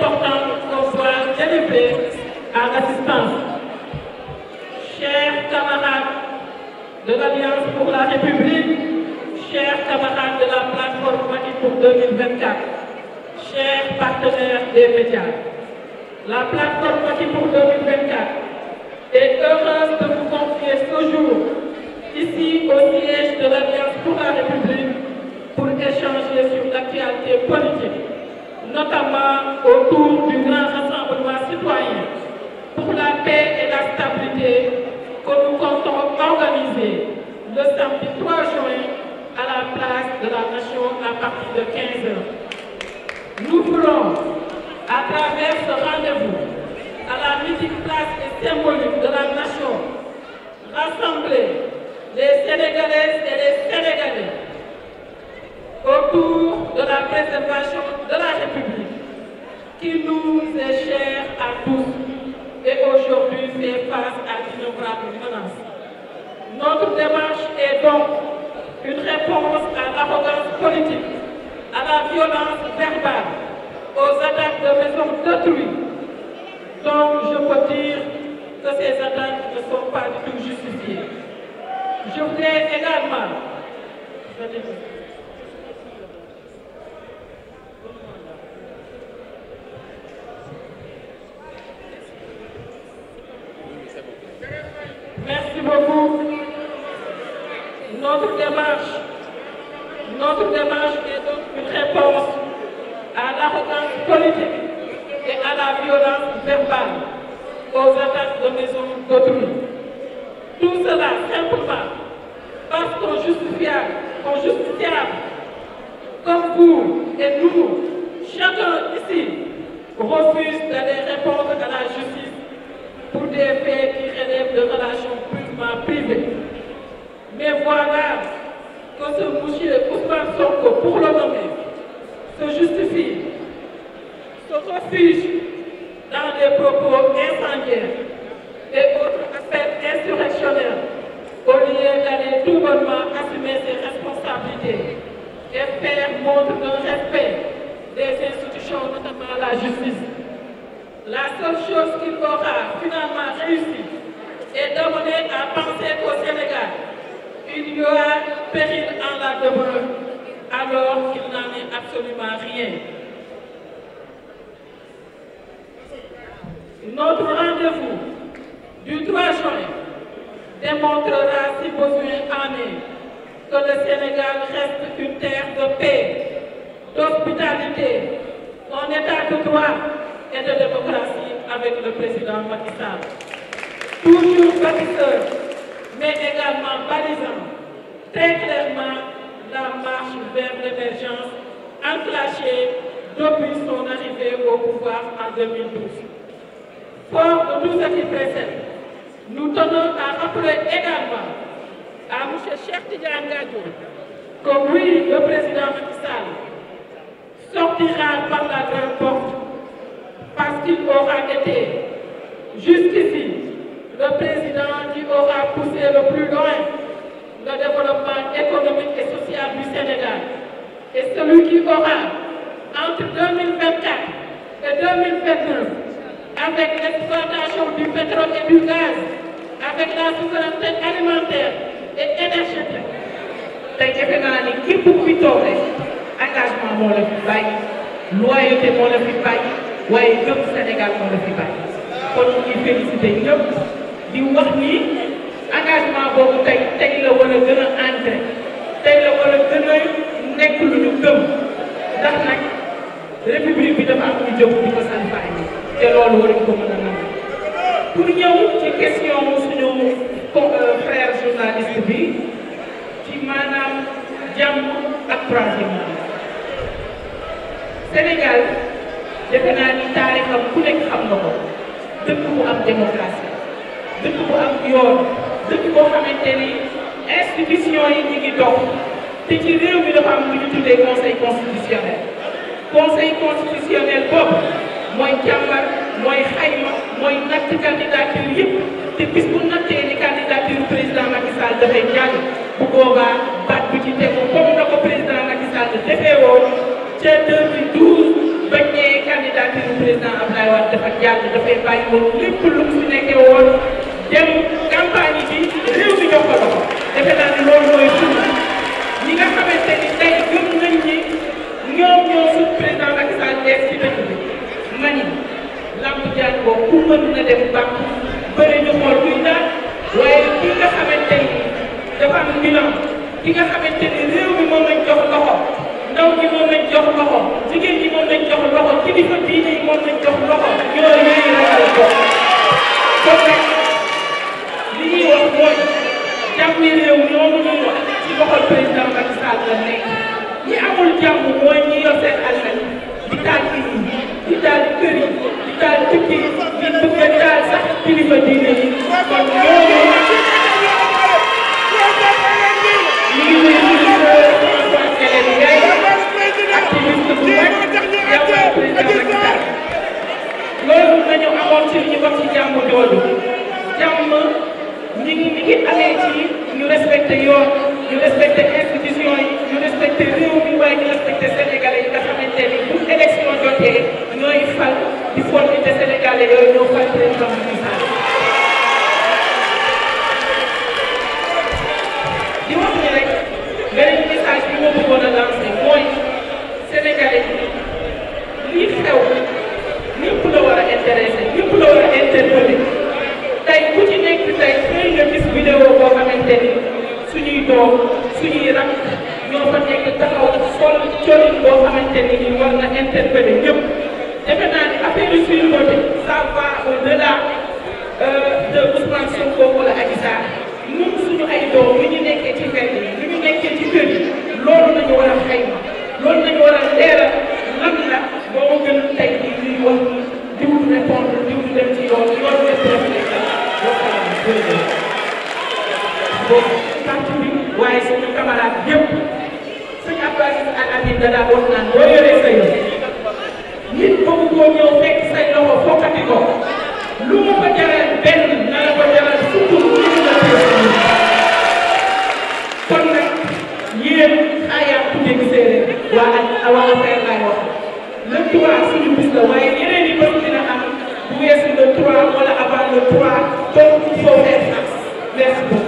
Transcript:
important qu'on soit délivré à l'assistance. Chers camarades de l'Alliance pour la République, chers camarades de la plateforme Mali pour 2024, chers des médias, la plateforme Mali pour 2024 heureuse de vous confier ce ici au siège de l'Alliance pour la République pour échanger sur l'actualité politique. notamment autour du grand rassemblement citoyen pour la paix et la stabilité que nous comptons organiser le samedi juin à la place de la Nation à partir de 15 Nous voulons, à travers ce rendez à la mythique place et symbolique de la Nation, rassembler les Sénégalaises et les Sénégalais autour de la préservation de la République, qui nous est chère à tous et aujourd'hui fait face à d'innombrables menaces. Notre démarche est donc une réponse à l'arrogance politique, à la violence verbale, aux attaques de maison d'autrui, donc je peux que ces attaques ne sont pas du tout justifiées. Je voudrais également... Merci beaucoup. Notre démarche, notre démarche est donc une réponse à l'arrogance politique et à la violence verbale, aux attaques de maison d'autrui. Tout cela simplement parce qu'on justifiable, qu'on justifiable, comme vous et nous, chacun ici refuse d'aller répondre à la justice. pour des faits qui relèvent de relations purement privées. Mais voilà que ce monsieur Ousmane Sonko, pour le nommer, se justifie, se refuge dans des propos incendiaires et autres aspects insurrectionnels au lieu d'aller tout bonnement assumer ses responsabilités et faire montre d'un respect des institutions, notamment la justice. La seule chose qu'il aura finalement réussi est d'amener à penser qu'au Sénégal, il y aura péril en la demeure, alors qu'il n'en est absolument rien. Notre rendez-vous du juin démontrera, si besoin en est, que le Sénégal reste une terre de paix, d'hospitalité, un état de droit avec le président Macky Sall toujours bâtisseur mais également balisant très clairement la marche vers l'émergence enclenchée depuis son arrivée au pouvoir en 2012. Fort de tout ce qui nous tenons à rappeler également à M. Cheikh Tidiane Gadio que oui, le président Macky Sall sortira par la grande porte parce qu'il aura été jusqu'ici le président qui aura poussé le plus loin le développement économique et social du Sénégal. Et celui qui aura, entre et avec l'exploitation du pétrole et du gaz, avec la souveraineté alimentaire et énergétique. tey defe naa ni képp kuy toog rek engagement moo la fi bàyyi loyauté moo la fi bàyyi. waaye ñëpp Sénégal moo la fi bàyyi kon ñu félicité ñëpp di wax ni engagement boobu tey tey la war a gën a entré tey la war a gën a nekk lu ñu gëm ndax nag république bi dafa am ñu di ko salfaañ te loolu waruñ ko mën a nangu pour ñëw ci question suñu euh, frère journaliste bi ci maanaam jàmm ak troisième Sénégal defe naa ni taarixam ku nekk xam na ko dëkk bu am démocratie dëkk bu am yoon dëkk boo xamante ni institution yi ñu te ci réew mi dafa am lu ñu tuddee conseil constitutionnel conseil constitutionnel boobu mooy jàmbar mooy xayma mooy natt candidature yëpp te bis bu nattee ni candidature président Macky dafay ñaan bu boobaa baat bu ci tegu comme na ko président Macky Sall defee woon ca 2012. bañ ne candidature président Abdoulaye Wade dafa jàll dafay bàyyi woon lépp lu mu nekkee woon dem campagne bi réew mi jox ko loxo defe naa loolu mooy suñu ñi nga xamante ni tey gëm nañ ni ñoom ñoo suuf président Macky Sall def ci dëkk bi ma ni lamb jaan boobu ku mën dem bàq bëri ñu xool kuy naan waaye ki nga xamante ni dafa am ki nga xamante ni réew mi moom lañ jox loxo ndaw li ñuy wax mooy jàmm yi réew ñoomu ñuy wax ci loxol président Macky Sall la nekk amul jàmm mooy ñi yor seen alal di taal nit ñi di taal kër yi taal sax kilifa diine yi kon ñooñu loolu dañu amoon ci li ci jàmm jooju jàmm ñi ñu respecté yoon ñu respecté institution yi ñu respecté réew mi waaye ñu respecté sénégalais yi nga xamante ni bu élection jotee ñooy fal di formité sénégalais yooyu ñoo fal président Macky Sall di wax ni rek beneen message bi ma bëggoon a lancé mooy sénégalais yi lii xew war a intéressé ñëpp la war a interpellé ku ci nekk tey xëy nga gis vidéo boo xamante ni suñuy doom suñuy rakk ñoo fa nekk taxaw sol colin boo xamante ni war na interpellé ñëpp defe naa ni affaire yi suñu côté boobu tànk bi waaye suñu camarade yëpp suñu Abdou Aziz Al Amin da daa wax naan boo nit bëgg koo ñëw fekk say loxo fokkati ko lu mu ko jaral benn na la ko jaral surtout lu mu la kon nag yéen xaayaa ku dégg séeréer waa waa affaire laay wax le 3 suñu bis la waaye yeneen yi bés dina am bu weesu le 3 wala avant le 3 donc il faut être merci beaucoup